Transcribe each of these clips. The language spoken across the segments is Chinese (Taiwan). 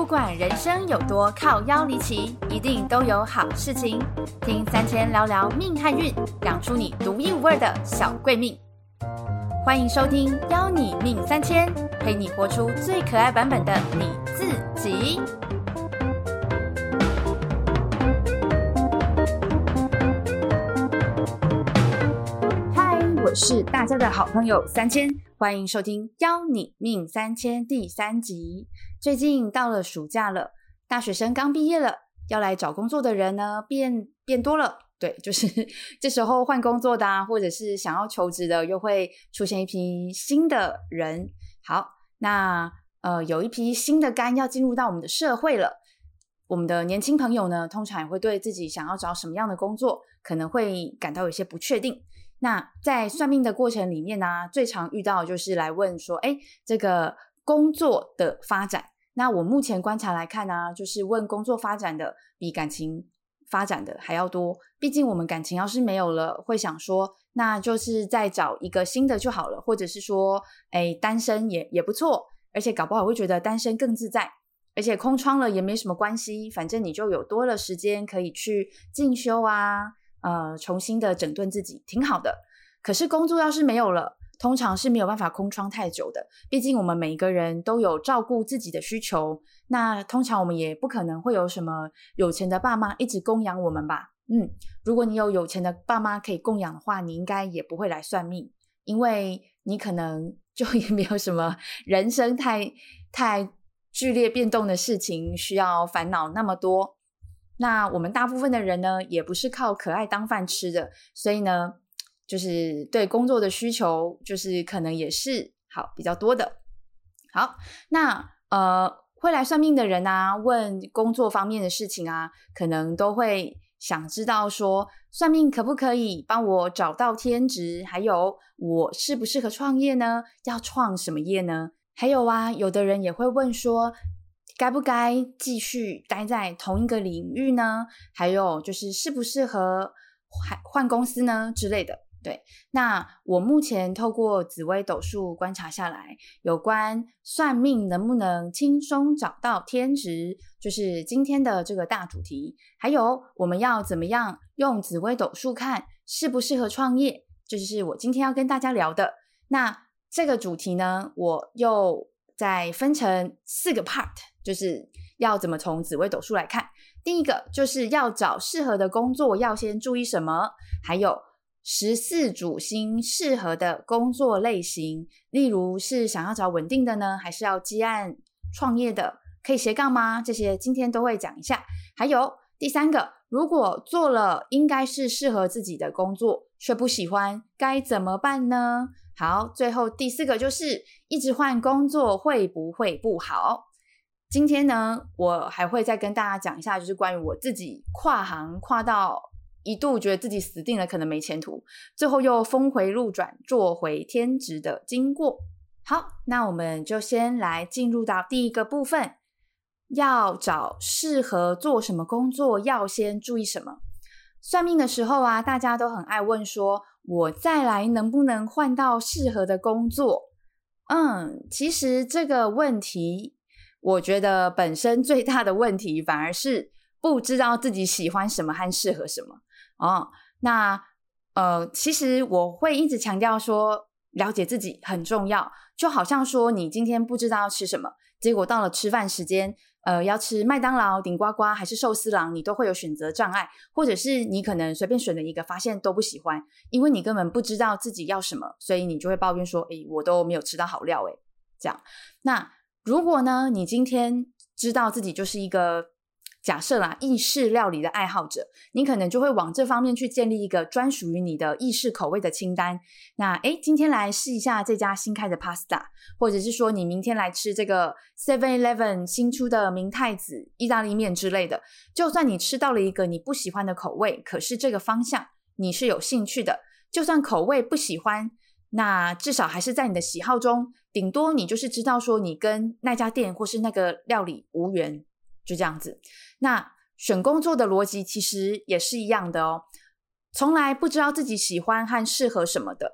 不管人生有多靠腰離奇，一定都有好事情。聽三仟聊聊命和運，養出你獨一無二的小貴命。歡迎收聽《邀你命三千》，陪你播出最可愛版本的你自己。嗨，我是大家的好朋友三仟，歡迎收聽《邀你命三千》第三集。最近到了暑假了，大學生剛畢業了，要來找工作的人呢，變變多了。對，就是這時候換工作的啊，或者是想要求職的，又會出現一批新的人。好，那呃，有一批新的肝要進入到我們的社會了。我們的年輕朋友呢，通常也會對自己想要找什麼樣的工作，可能會感到有些不確定。那在算命的過程裡面呢啊，最常遇到就是來問說：“哎，這個。”工作的發展，那我目前觀察來看呢，就是問工作發展的比感情發展的還要多。畢竟我們感情要是沒有了，會想說，那就是再找一個新的就好了，或者是說，哎，單身也也不錯，而且搞不好會覺得單身更自在，而且空窗了也沒什麼關係，反正你就有多了時間可以去進修啊，呃，重新的整頓自己，挺好的。可是工作要是沒有了。通常是沒有辦法空窗太久的，畢竟我們每一個人都有照顧自己的需求。那通常我們也不可能會有什麼有錢的爸媽一直供養我們吧？嗯，如果你有有錢的爸媽可以供養的話，你應該也不會來算命，因為你可能就也沒有什麼人生太太劇烈變動的事情需要煩惱那麼多。那我們大部分的人呢，也不是靠可愛當飯吃的，所以呢。就是對工作的需求，就是可能也是好比較多的。好，那呃，會來算命的人啊，問工作方面的事情啊，可能都會想知道說，算命可不可以幫我找到天職？還有我適不適合創業呢？要創什麼業呢？還有啊，有的人也會問說，該不該繼續待在同一個領域呢？還有就是適不適合換換公司呢之類的。對，那我目前透過紫微斗數觀察下來，有關算命能不能輕鬆找到天職，就是今天的這個大主題。還有我們要怎麼樣用紫微斗數看適不適合創業，這就是我今天要跟大家聊的。那這個主題呢，我又再分成四個 part，就是要怎麼從紫微斗數來看。第一個就是要找適合的工作要先注意什麼，還有。十四主星適合的工作類型，例如是想要找穩定的呢，還是要接案創業的？可以斜槓嗎？這些今天都會講一下。還有第三個，如果做了應該是適合自己的工作卻不喜歡，該怎麼辦呢？好，最後第四個就是一直換工作會不會不好？今天呢，我還會再跟大家講一下，就是關於我自己跨行跨到。一度覺得自己死定了，可能沒前途，最後又峰回路轉，做回天職的經過。好，那我們就先來進入到第一個部分，要找適合做什麼工作，要先注意什麼？算命的時候啊，大家都很愛問說，說我再來能不能換到適合的工作？嗯，其實這個問題，我覺得本身最大的問題反而是不知道自己喜歡什麼和適合什麼。哦，那呃，其實我會一直強調說，了解自己很重要。就好像說，你今天不知道要吃什麼，結果到了吃飯時間，呃，要吃麥當勞、頂呱呱還是壽司郎，你都會有選擇障礙，或者是你可能隨便選了一個，發現都不喜歡，因為你根本不知道自己要什麼，所以你就會抱怨說，誒，我都沒有吃到好料，哎，這樣。那如果呢，你今天知道自己就是一個。假設啦，意式料理的愛好者，你可能就會往這方面去建立一個專屬於你的意式口味的清單。那哎，今天來試一下這家新開的 pasta，或者是說你明天來吃這個 seven eleven 新出的明太子意大利麵之類的。就算你吃到了一個你不喜歡的口味，可是這個方向你是有興趣的。就算口味不喜歡，那至少還是在你的喜好中，頂多你就是知道說你跟那家店或是那個料理無緣。就這樣子，那選工作的邏輯其實也是一樣的哦。從來不知道自己喜歡和適合什麼的，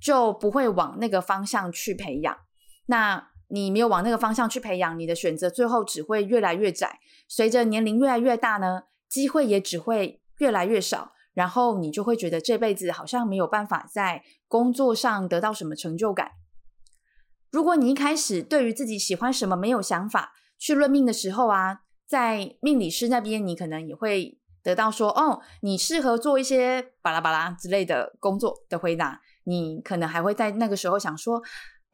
就不會往那個方向去培養。那你沒有往那個方向去培養，你的選擇最後只會越來越窄。隨着年齡越來越大呢，機會也只會越來越少。然後你就會覺得這輩子好像沒有辦法在工作上得到什麼成就感。如果你一開始對於自己喜歡什麼沒有想法，去論命的時候啊，在命理師那邊，你可能也會得到說，哦，你適合做一些巴拉巴拉之類的工作的回答。你可能還會在那個時候想說，誒、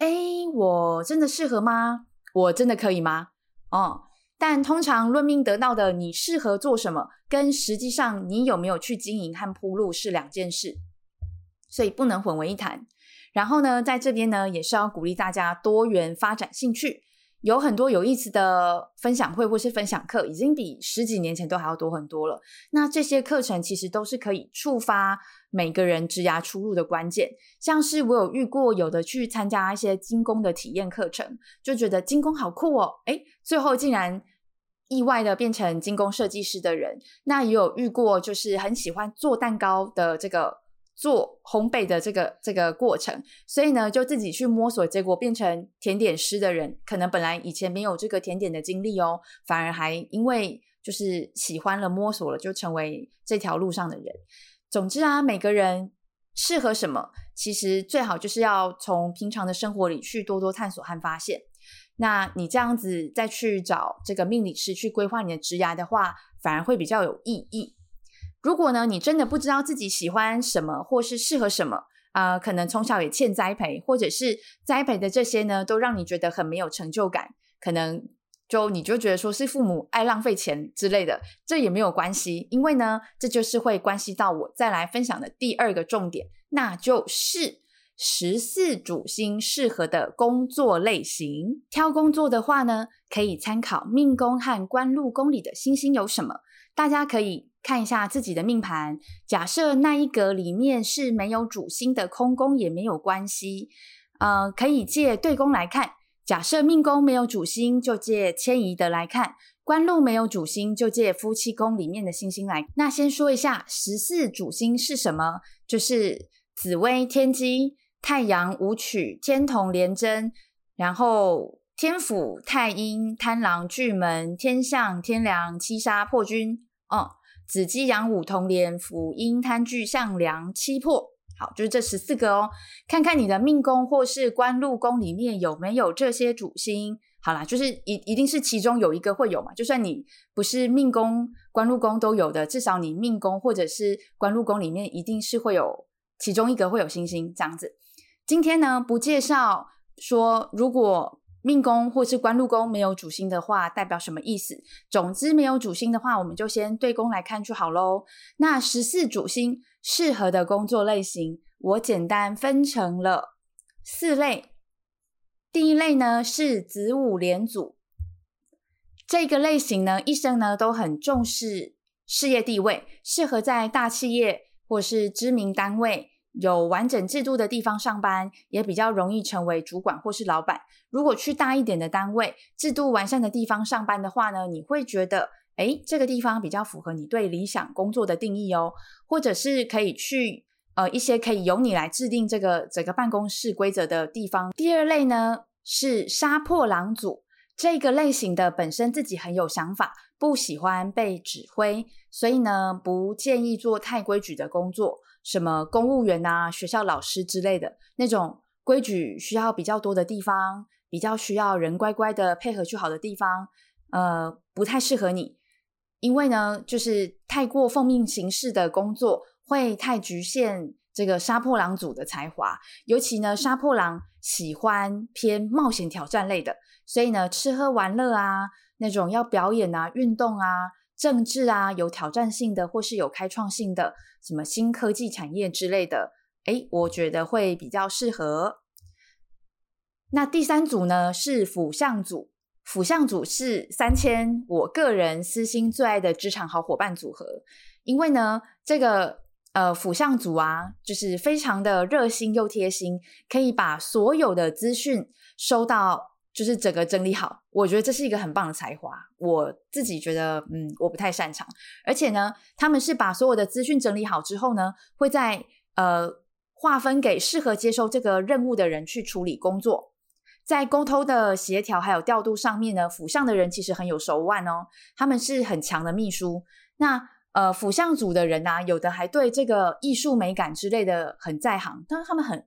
欸、我真的適合嗎？我真的可以嗎？哦，但通常論命得到的你適合做什麼，跟實際上你有沒有去經營和鋪路是兩件事，所以不能混為一談。然後呢，在這邊呢，也是要鼓勵大家多元發展興趣。有很多有意思的分享會或是分享課，已經比十幾年前都還要多很多了。那這些課程其實都是可以觸發每個人職業出入的關鍵。像是我有遇過有的去參加一些精工的體驗課程，就覺得精工好酷哦，誒，最後竟然意外的變成精工設計師的人。那也有遇過就是很喜歡做蛋糕的這個。做烘焙的這個這個過程，所以呢，就自己去摸索，結果變成甜點師的人，可能本來以前沒有這個甜點的經歷哦，反而還因為就是喜歡了摸索了，就成為這條路上的人。總之啊，每個人適合什麼，其實最好就是要從平常的生活裡去多多探索和發現。那你這樣子再去找這個命理師去規劃你的職涯的話，反而會比較有意義。如果呢，你真的不知道自己喜歡什麼，或是適合什麼啊、呃，可能從小也欠栽培，或者是栽培的這些呢，都讓你覺得很沒有成就感，可能就你就覺得說是父母愛浪費錢之類的，這也沒有關係，因為呢，這就是會關係到我再來分享的第二個重點，那就是十四主星適合的工作類型。挑工作的話呢，可以參考命宮和官祿宮裡的星星有什麼，大家可以。看一下自己的命盤，假設那一格裡面是沒有主星的空宮也沒有關係，呃，可以借對宮來看。假設命宮沒有主星，就借遷移的來看；官祿沒有主星，就借夫妻宮裡面的星星來。那先說一下十四主星是什麼，就是紫微、天機、太陽、武曲、天同、廉貞，然後天府、太陰、貪狼、巨門、天相、天梁、七殺、破軍。哦、嗯。紫機陽武同廉府陰貪巨相梁，七破，好，就是這十四個哦。看看你的命宮或是官祿宮裡面有沒有這些主星。好啦，就是一一定是其中有一個會有嘛。就算你不是命宮官祿宮都有的，至少你命宮或者是官祿宮裡面一定是會有其中一個會有星星這樣子。今天呢，不介紹說如果。命宮或是官祿宮沒有主星的話，代表什麼意思？總之沒有主星的話，我們就先對宮來看就好嘍。那十四主星適合的工作類型，我簡單分成了四類。第一類呢是紫武廉組，這個類型呢一生呢都很重視事業地位，適合在大企業或是知名單位。有完整制度的地方上班，也比較容易成為主管或是老闆。如果去大一點的單位、制度完善的地方上班的話呢，你會覺得，誒，這個地方比較符合你對理想工作的定義哦，或者是可以去呃一些可以由你來制定這個整個辦公室規則的地方。第二類呢是殺破狼組，這個類型的，本身自己很有想法，不喜歡被指揮，所以呢不建議做太規矩的工作。什麼公務員啊，學校老師之類的那種規矩需要比較多的地方，比較需要人乖乖的配合去好的地方，呃，不太適合你。因為呢，就是太過奉命行事的工作，會太局限這個殺破狼組的才華。尤其呢，殺破狼喜歡偏冒險挑戰類的，所以呢，吃喝玩樂啊，那種要表演啊、運動啊。政治啊，有挑戰性的或是有開創性的，什麼新科技產業之類的，哎、欸，我覺得會比較適合。那第三組呢是輔相組，輔相組是三仟我個人私心最愛的職場好伙伴組合，因為呢，這個呃輔相組啊，就是非常的熱心又貼心，可以把所有的資訊收到。就是整個整理好，我覺得這是一個很棒的才華。我自己覺得，嗯，我不太擅長。而且呢，他們是把所有的資訊整理好之後呢，會在呃劃分給適合接受這個任務的人去處理工作，在溝通的協調還有調度上面呢，府相的人其實很有手腕哦，他們是很強的秘書。那呃，府相組的人呢、啊，有的還對這個藝術美感之類的很在行，但是他們很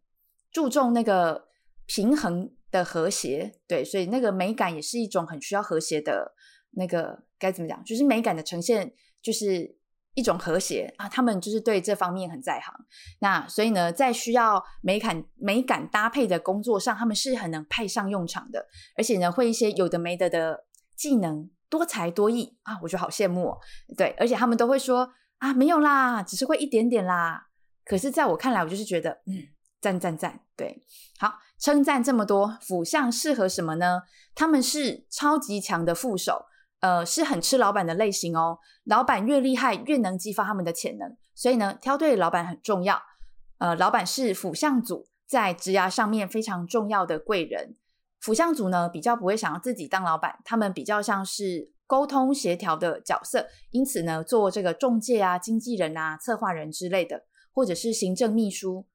注重那個平衡的和諧，對，所以那個美感也是一種很需要和諧的，那個該怎麼講？就是美感的呈現，就是一種和諧啊。他們就是對這方面很在行，那所以呢，在需要美感美感搭配的工作上，他們是很能派上用場的。而且呢，會一些有的沒的的技能，多才多藝啊，我就好羨慕哦。對，而且他們都會說啊，沒有啦，只是會一點點啦。可是，在我看來，我就是覺得，嗯，讚讚讚，對，好。稱讚這麼多，府相適合什麼呢？他們是超級強的副手，呃，是很吃老闆的類型哦。老闆越厲害，越能激發他們的潛能。所以呢，挑對老闆很重要。呃，老闆是府相組在職涯上面非常重要的貴人。府相組呢，比較不會想要自己當老闆，他們比較像是溝通協調的角色。因此呢，做這個中介啊、經紀人啊、策劃人之類的，或者是行政秘書。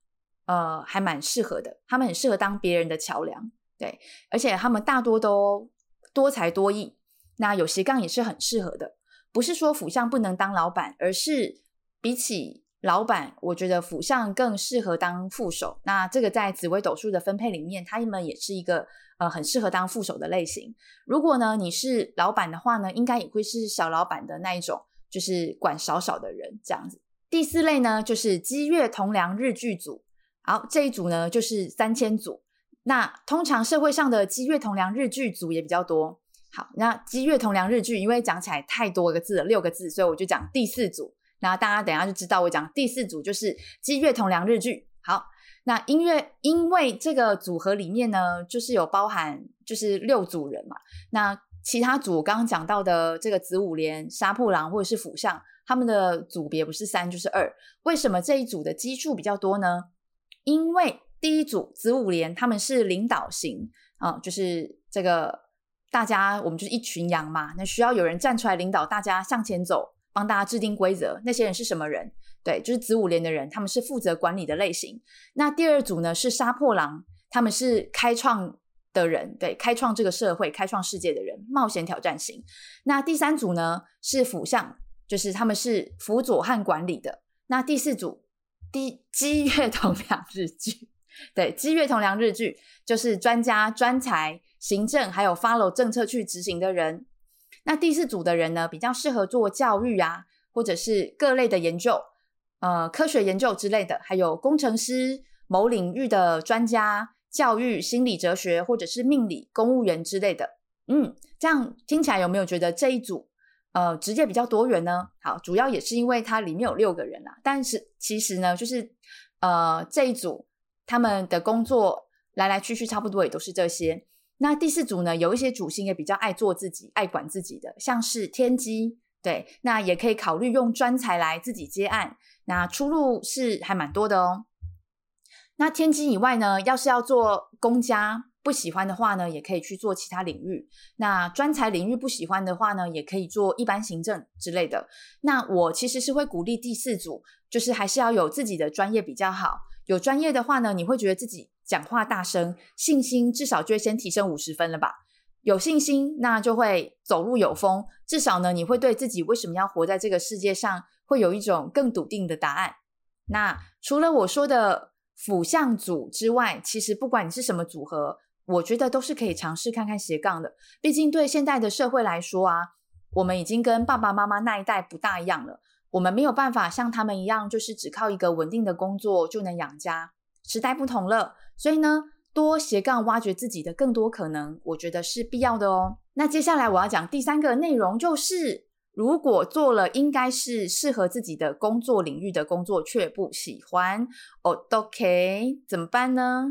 呃，還蠻適合的，他們很適合當別人的橋梁，對，而且他們大多都多才多藝，那有斜槓也是很適合的，不是說府相不能當老板，而是比起老板，我覺得府相更適合當副手，那這個在紫微斗數的分配裡面，他們也是一個呃很適合當副手的類型。如果呢你是老板的話呢，應該也會是小老板的那一種，就是管少少的人這樣子。第四類呢，就是機月同梁日巨組。好，這一組呢就是三仟組。那通常社會上的機月同梁日巨組也比較多。好，那機月同梁日巨，因為講起來太多個字了，六個字，所以我就講第四組。那大家等一下就知道，我講第四組就是機月同梁日巨。好，那音樂，因為這個組合裡面呢，就是有包含就是六組人嘛。那其他組剛剛講到的這個紫武廉、殺破狼或者是府相，他們的組別不是三就是二。為什麼這一組的基數比較多呢？因為第一組紫府廉他們是領導型啊、呃，就是這個大家我們就是一群羊嘛，那需要有人站出來領導大家向前走，幫大家制定規則。那些人是什麼人？對，就是紫府廉的人，他們是負責管理的類型。那第二組呢是殺破狼，他們是開創的人，對，開創這個社會、開創世界的人，冒險挑戰型。那第三組呢是輔相，就是他們是輔佐和管理的。那第四組。機月同梁日劇，對，機月同梁日劇就是專家、專才、行政還有 follow 政策去執行的人。那第四組的人呢，比較適合做教育啊，或者是各類的研究，呃，科學研究之類的，還有工程師、某領域的專家、教育、心理、哲學或者是命理公務員之類的。嗯，這樣聽起來有沒有覺得這一組？呃，職業比較多元呢。好，主要也是因為它裡面有六個人啦。但是其實呢，就是呃，這一組他們的工作來來去去差不多也都是這些。那第四組呢，有一些主星也比較愛做自己、愛管自己的，像是天機，對，那也可以考慮用專才來自己接案。那出路是還蠻多的哦。那天機以外呢，要是要做公家。不喜歡的話呢，也可以去做其他領域。那專才領域不喜歡的話呢，也可以做一般行政之類的。那我其實是會鼓勵第四組，就是還是要有自己的專業比較好。有專業的話呢，你會覺得自己講話大聲、信心至少就會先提升五十分了吧？有信心，那就會走路有風。至少呢，你會對自己為什麼要活在這個世界上，會有一種更篤定的答案。那除了我說的輔相組之外，其實不管你是什麼組合。我覺得都是可以嘗試看看斜槓的，畢竟對現代的社會來說啊，我們已經跟爸爸媽媽那一代不大一樣了。我們沒有辦法像他們一樣，就是只靠一個穩定的工作就能養家。時代不同了，所以呢，多斜槓挖掘自己的更多可能，我覺得是必要的哦。那接下來我要講第三個內容，就是如果做了應該是適合自己的工作領域的工作卻不喜歡，哦，都 OK，怎麼辦呢？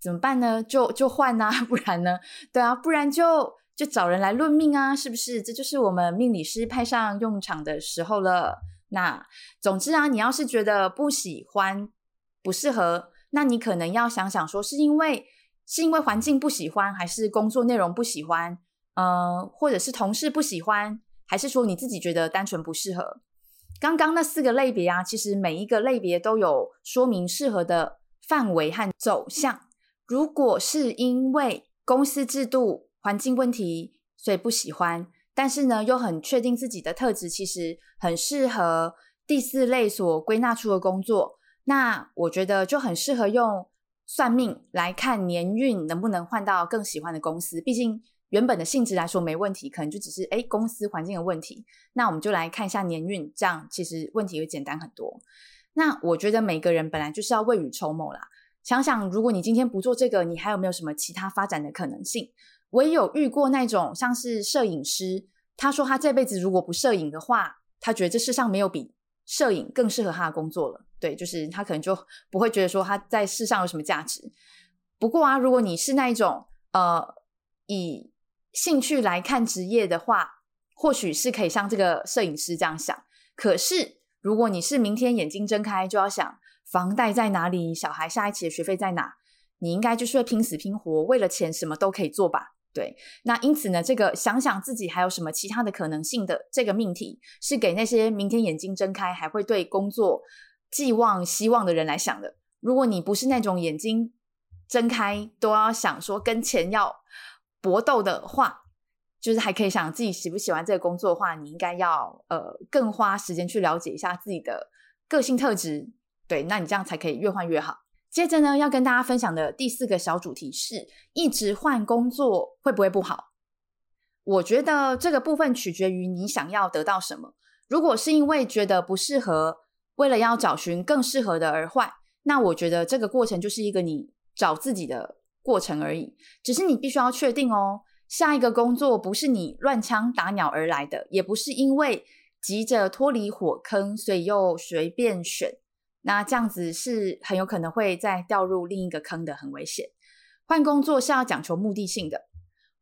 怎麼辦呢？就就換啊，不然呢？對啊，不然就就找人來論命啊，是不是？這就是我們命理師派上用場的時候了。那總之啊，你要是覺得不喜歡、不適合，那你可能要想想說，是因為是因為環境不喜歡，還是工作內容不喜歡？嗯、呃，或者是同事不喜歡，還是說你自己覺得單純不適合？剛剛那四個類別啊，其實每一個類別都有說明適合的範圍和走向。如果是因為公司制度環境問題，所以不喜歡，但是呢，又很確定自己的特質其實很適合第四類所歸納出的工作，那我覺得就很適合用算命來看年運能不能換到更喜歡的公司。畢竟原本的性質來說沒問題，可能就只是誒公司環境的問題。那我們就來看一下年運，這樣其實問題會簡單很多。那我覺得每個人本來就是要未雨綢繆啦。想想，如果你今天不做這個，你還有沒有什麼其他發展的可能性？我也有遇過那種像是攝影師，他說他這輩子如果不攝影的話，他覺得這世上沒有比攝影更適合他的工作了。對，就是他可能就不會覺得說他在世上有什麼價值。不過啊，如果你是那一種，呃，以興趣來看職業的話，或許是可以像這個攝影師這樣想。可是，如果你是明天眼睛睜開就要想。房貸在哪裡？小孩下一期的學費在哪？你應該就是會拼死拼活，為了錢什麼都可以做吧？對，那因此呢，這個想想自己還有什麼其他的可能性的，這個命題，是給那些明天眼睛睜開還會對工作寄望希望的人來想的。如果你不是那種眼睛睜開都要想說跟錢要搏鬥的話，就是還可以想自己喜不喜歡這個工作的話，你應該要，呃，更花時間去了解一下自己的個性特質。對，那你這樣才可以越換越好。接着呢，要跟大家分享的第四個小主題是：一直換工作會不會不好？我覺得這個部分取決於你想要得到什麼。如果是因為覺得不適合，為了要找尋更適合的而換，那我覺得這個過程就是一個你找自己的過程而已。只是你必須要確定哦，下一個工作不是你亂槍打鳥而來的，也不是因為急着脫離火坑，所以又隨便選。那這樣子是很有可能會再掉入另一個坑的，很危險。換工作是要講求目的性的，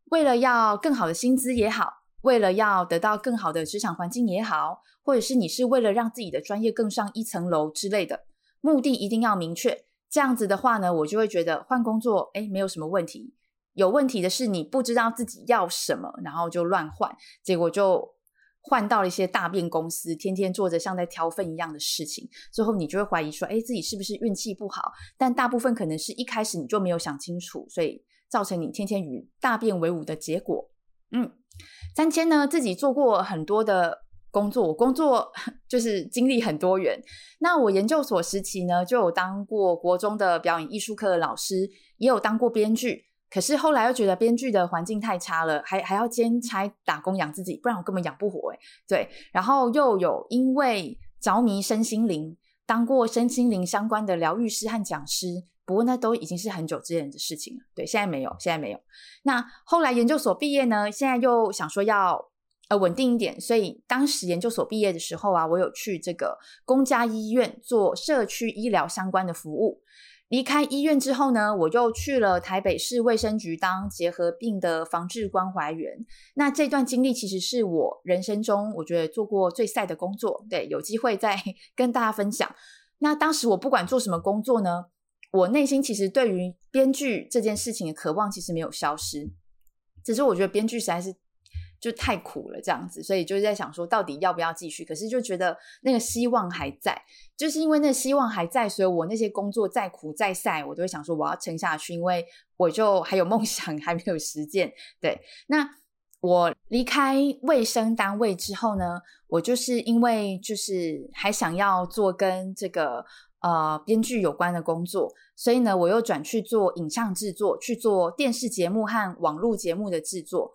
為了要更好的薪資也好，為了要得到更好的職場環境也好，或者是你是為了讓自己的專業更上一層樓之類的，目的一定要明確。這樣子的話呢，我就會覺得換工作誒、欸、沒有什麼問題。有問題的是你不知道自己要什麼，然後就亂換，結果就。換到了一些大便公司，天天做着像在挑糞一樣的事情，最後你就會懷疑說，哎，自己是不是運氣不好？但大部分可能是一開始你就沒有想清楚，所以造成你天天與大便為伍的結果。嗯，三仟呢，自己做過很多的工作，我工作就是經歷很多元。那我研究所時期呢，就有當過國中的表演藝術課的老師，也有當過編劇。可是後來又覺得編劇的環境太差了，還還要兼差打工養自己，不然我根本養不活哎、欸。對，然後又有因為着迷身心靈，當過身心靈相關的療癒師和講師，不過那都已經是很久之前的事情了。對，現在沒有，現在沒有。那後來研究所畢業呢，現在又想說要呃穩定一點，所以當時研究所畢業的時候啊，我有去這個公家醫院做社區醫療相關的服務。離開醫院之後呢，我又去了台北市衛生局當結核病的防治關懷員。那這段經歷其實是我人生中我覺得做過最曬的工作。對，有機會再跟大家分享。那當時我不管做什麼工作呢，我內心其實對於編劇這件事情的渴望其實沒有消失，只是我覺得編劇實在是。就太苦了，這樣子，所以就是在想說，到底要不要繼續？可是就覺得那個希望還在，就是因為那個希望還在，所以我那些工作再苦再曬，我都會想說我要撐下去，因為我就還有夢想還沒有實踐。對，那我離開衛生單位之後呢，我就是因為就是還想要做跟這個呃編劇有關的工作，所以呢，我又轉去做影像制作，去做電視節目和網絡節目的制作。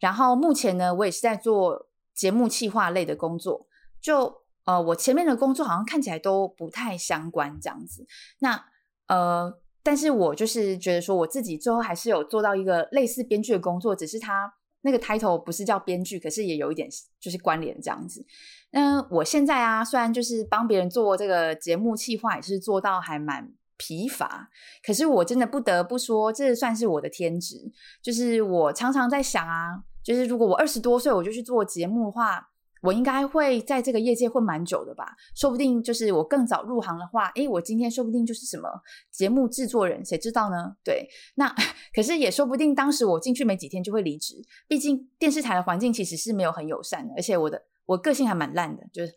然後目前呢，我也是在做節目企劃類的工作。就呃，我前面的工作好像看起來都不太相關這樣子。那呃，但是我就是覺得說，我自己最後還是有做到一個類似編劇的工作，只是它那個 title 不是叫編劇，可是也有一點就是關聯這樣子。那我現在啊，雖然就是幫別人做這個節目企劃也是做到還蠻疲乏，可是我真的不得不說，這算是我的天職。就是我常常在想啊。就是如果我二十多歲我就去做節目的話，我應該會在這個業界混蠻久的吧？說不定就是我更早入行的話，誒，我今天說不定就是什麼節目制作人，誰知道呢？對，那可是也說不定，當時我進去沒幾天就會離職。畢竟電視台的環境其實是沒有很友善的，而且我的我個性還蠻爛的，就是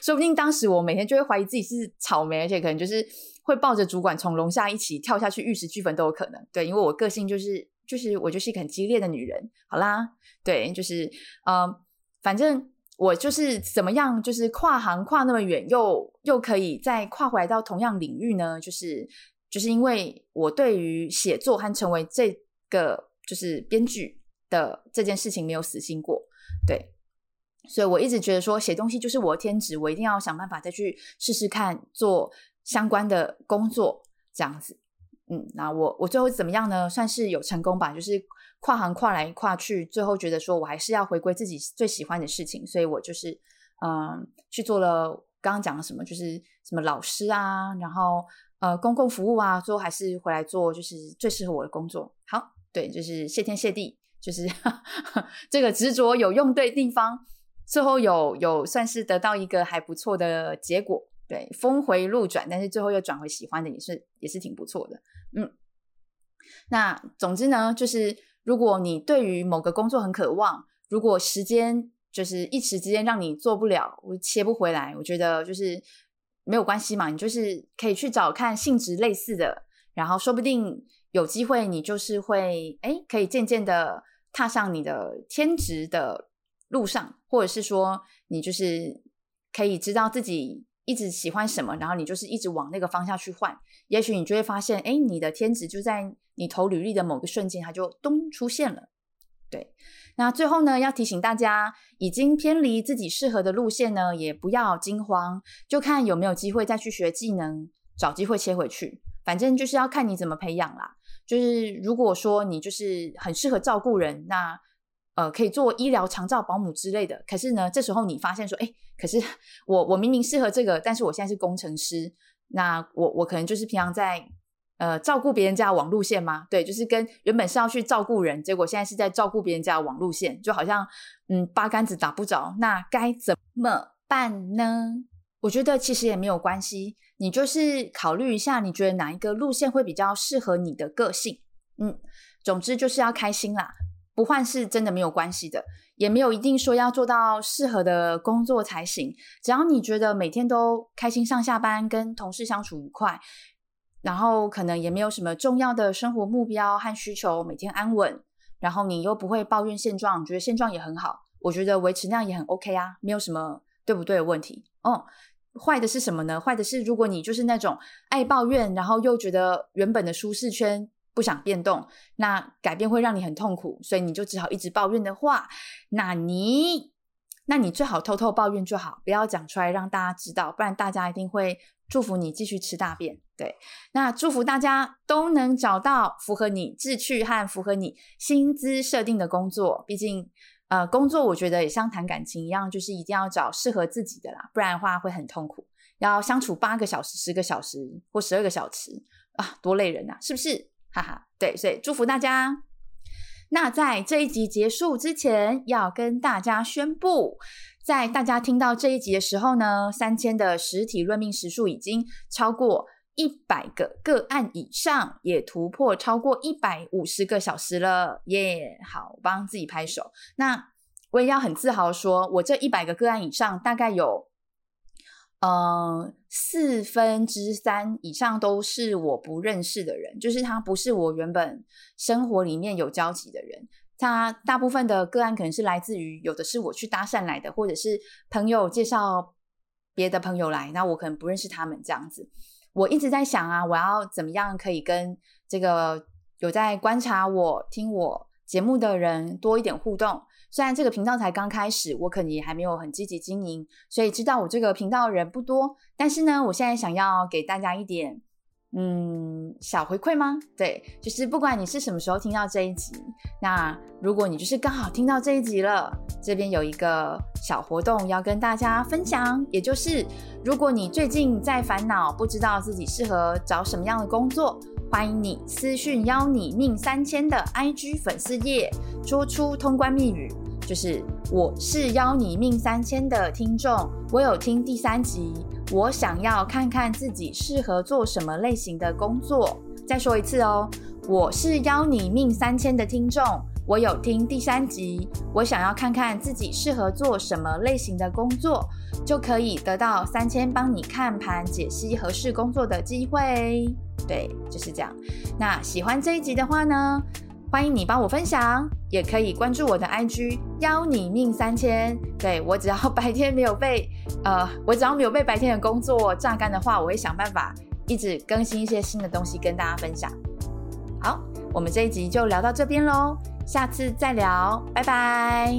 說不定當時我每天就會懷疑自己是草莓，而且可能就是會抱着主管從樓下一起跳下去玉石俱焚都有可能。對，因為我個性就是。就是我就是一個很激烈的女人，好啦，對，就是呃，反正我就是怎麼樣，就是跨行跨那麼遠又，又又可以再跨回來到同樣領域呢？就是就是因為我對於寫作和成為這個就是編劇的這件事情沒有死心過，對，所以我一直覺得說寫東西就是我的天職，我一定要想辦法再去試試看做相關的工作，這樣子。嗯，那我我最後怎麼樣呢？算是有成功吧，就是跨行跨來跨去，最後覺得說我還是要回歸自己最喜歡的事情，所以我就是嗯、呃，去做了剛剛講的什麼，就是什麼老師啊，然後呃公共服務啊，最後還是回來做就是最適合我的工作。好，對，就是謝天謝地，就是呵呵這個執着有用對地方，最後有有算是得到一個還不錯的結果。對，峰回路轉，但是最後又轉回喜歡的，也是也是挺不錯的。嗯，那總之呢，就是如果你對於某個工作很渴望，如果時間就是一時之間讓你做不了，我切不回來，我覺得就是沒有關係嘛。你就是可以去找看性質類似的，然後說不定有機會，你就是會，哎，可以漸漸的踏上你的天職的路上，或者是說你就是可以知道自己。一直喜歡什麼，然後你就是一直往那個方向去換，也許你就會發現，哎，你的天職就在你投履歷的某個瞬間，它就咚出現了。對，那最後呢，要提醒大家，已經偏離自己適合的路線呢，也不要驚慌，就看有沒有機會再去學技能，找機會切回去。反正就是要看你怎麼培養啦。就是如果說你就是很適合照顧人，那。呃，可以做醫療、長照、保姆之類的。可是呢，這時候你發現說，誒，可是我我明明適合這個，但是我現在是工程師，那我我可能就是平常在呃照顧別人家的網路線嗎？對，就是跟原本是要去照顧人，結果現在是在照顧別人家的網路線，就好像嗯八竿子打不着。那該怎麼辦呢？我覺得其實也沒有關係，你就是考慮一下，你覺得哪一個路線會比較適合你的個性。嗯，總之就是要開心啦。不換是真的沒有關係的，也沒有一定說要做到適合的工作才行。只要你覺得每天都開心上下班，跟同事相處愉快，然後可能也沒有什麼重要的生活目標和需求，每天安穩，然後你又不會抱怨現狀，覺得現狀也很好，我覺得維持那樣也很 OK 啊，沒有什麼對不對的問題。嗯、哦，壞的是什麼呢？壞的是如果你就是那種愛抱怨，然後又覺得原本的舒適圈。不想變動，那改變會讓你很痛苦，所以你就只好一直抱怨的話，那你，那你最好偷偷抱怨就好，不要講出來讓大家知道，不然大家一定會祝福你繼續吃大便。對，那祝福大家都能找到符合你志趣和符合你薪資設定的工作。畢竟，呃，工作我覺得也像談感情一樣，就是一定要找適合自己的啦，不然的話會很痛苦。要相處八個小時、十個小時或十二個小時啊，多累人吶，啊，是不是？哈哈，對，所以祝福大家。那在這一集結束之前，要跟大家宣布，在大家聽到這一集的時候呢，三仟的實體論命時數已經超過一百個個案以上，也突破超過一百五十個小時了，耶，yeah！好，我幫自己拍手。那我也要很自豪說，我這一百個個案以上，大概有。呃，四分之三以上都是我不認識的人，就是他不是我原本生活裡面有交集的人。他大部分的個案可能是來自於有的是我去搭訕來的，或者是朋友介紹別的朋友來，那我可能不認識他們這樣子。我一直在想啊，我要怎麼樣可以跟這個有在觀察我，聽我節目的人多一點互動。雖然這個頻道才剛開始，我可能也還沒有很積極經營，所以知道我這個頻道的人不多。但是呢，我現在想要給大家一點，嗯，小回饋嗎？對，就是不管你是什麼時候聽到這一集，那如果你就是剛好聽到這一集了，這邊有一個小活動要跟大家分享，也就是如果你最近在煩惱，不知道自己適合找什麼樣的工作，歡迎你私訊邀你命三仟的 IG 粉絲頁，說出通關密語。就是我是要你命三千的聽眾，我有聽第三集，我想要看看自己適合做什麼類型的工作。再說一次哦，我是要你命三千的聽眾，我有聽第三集，我想要看看自己適合做什麼類型的工作，就可以得到三千幫你看盤、解析合適工作的機會。對，就是這樣。那喜歡這一集的話呢？歡迎你幫我分享，也可以關注我的 IG，邀你命三仟。對，我只要白天沒有被，呃，我只要沒有被白天的工作榨乾的話，我會想辦法一直更新一些新的東西跟大家分享。好，我們這一集就聊到這邊嘍，下次再聊，拜拜。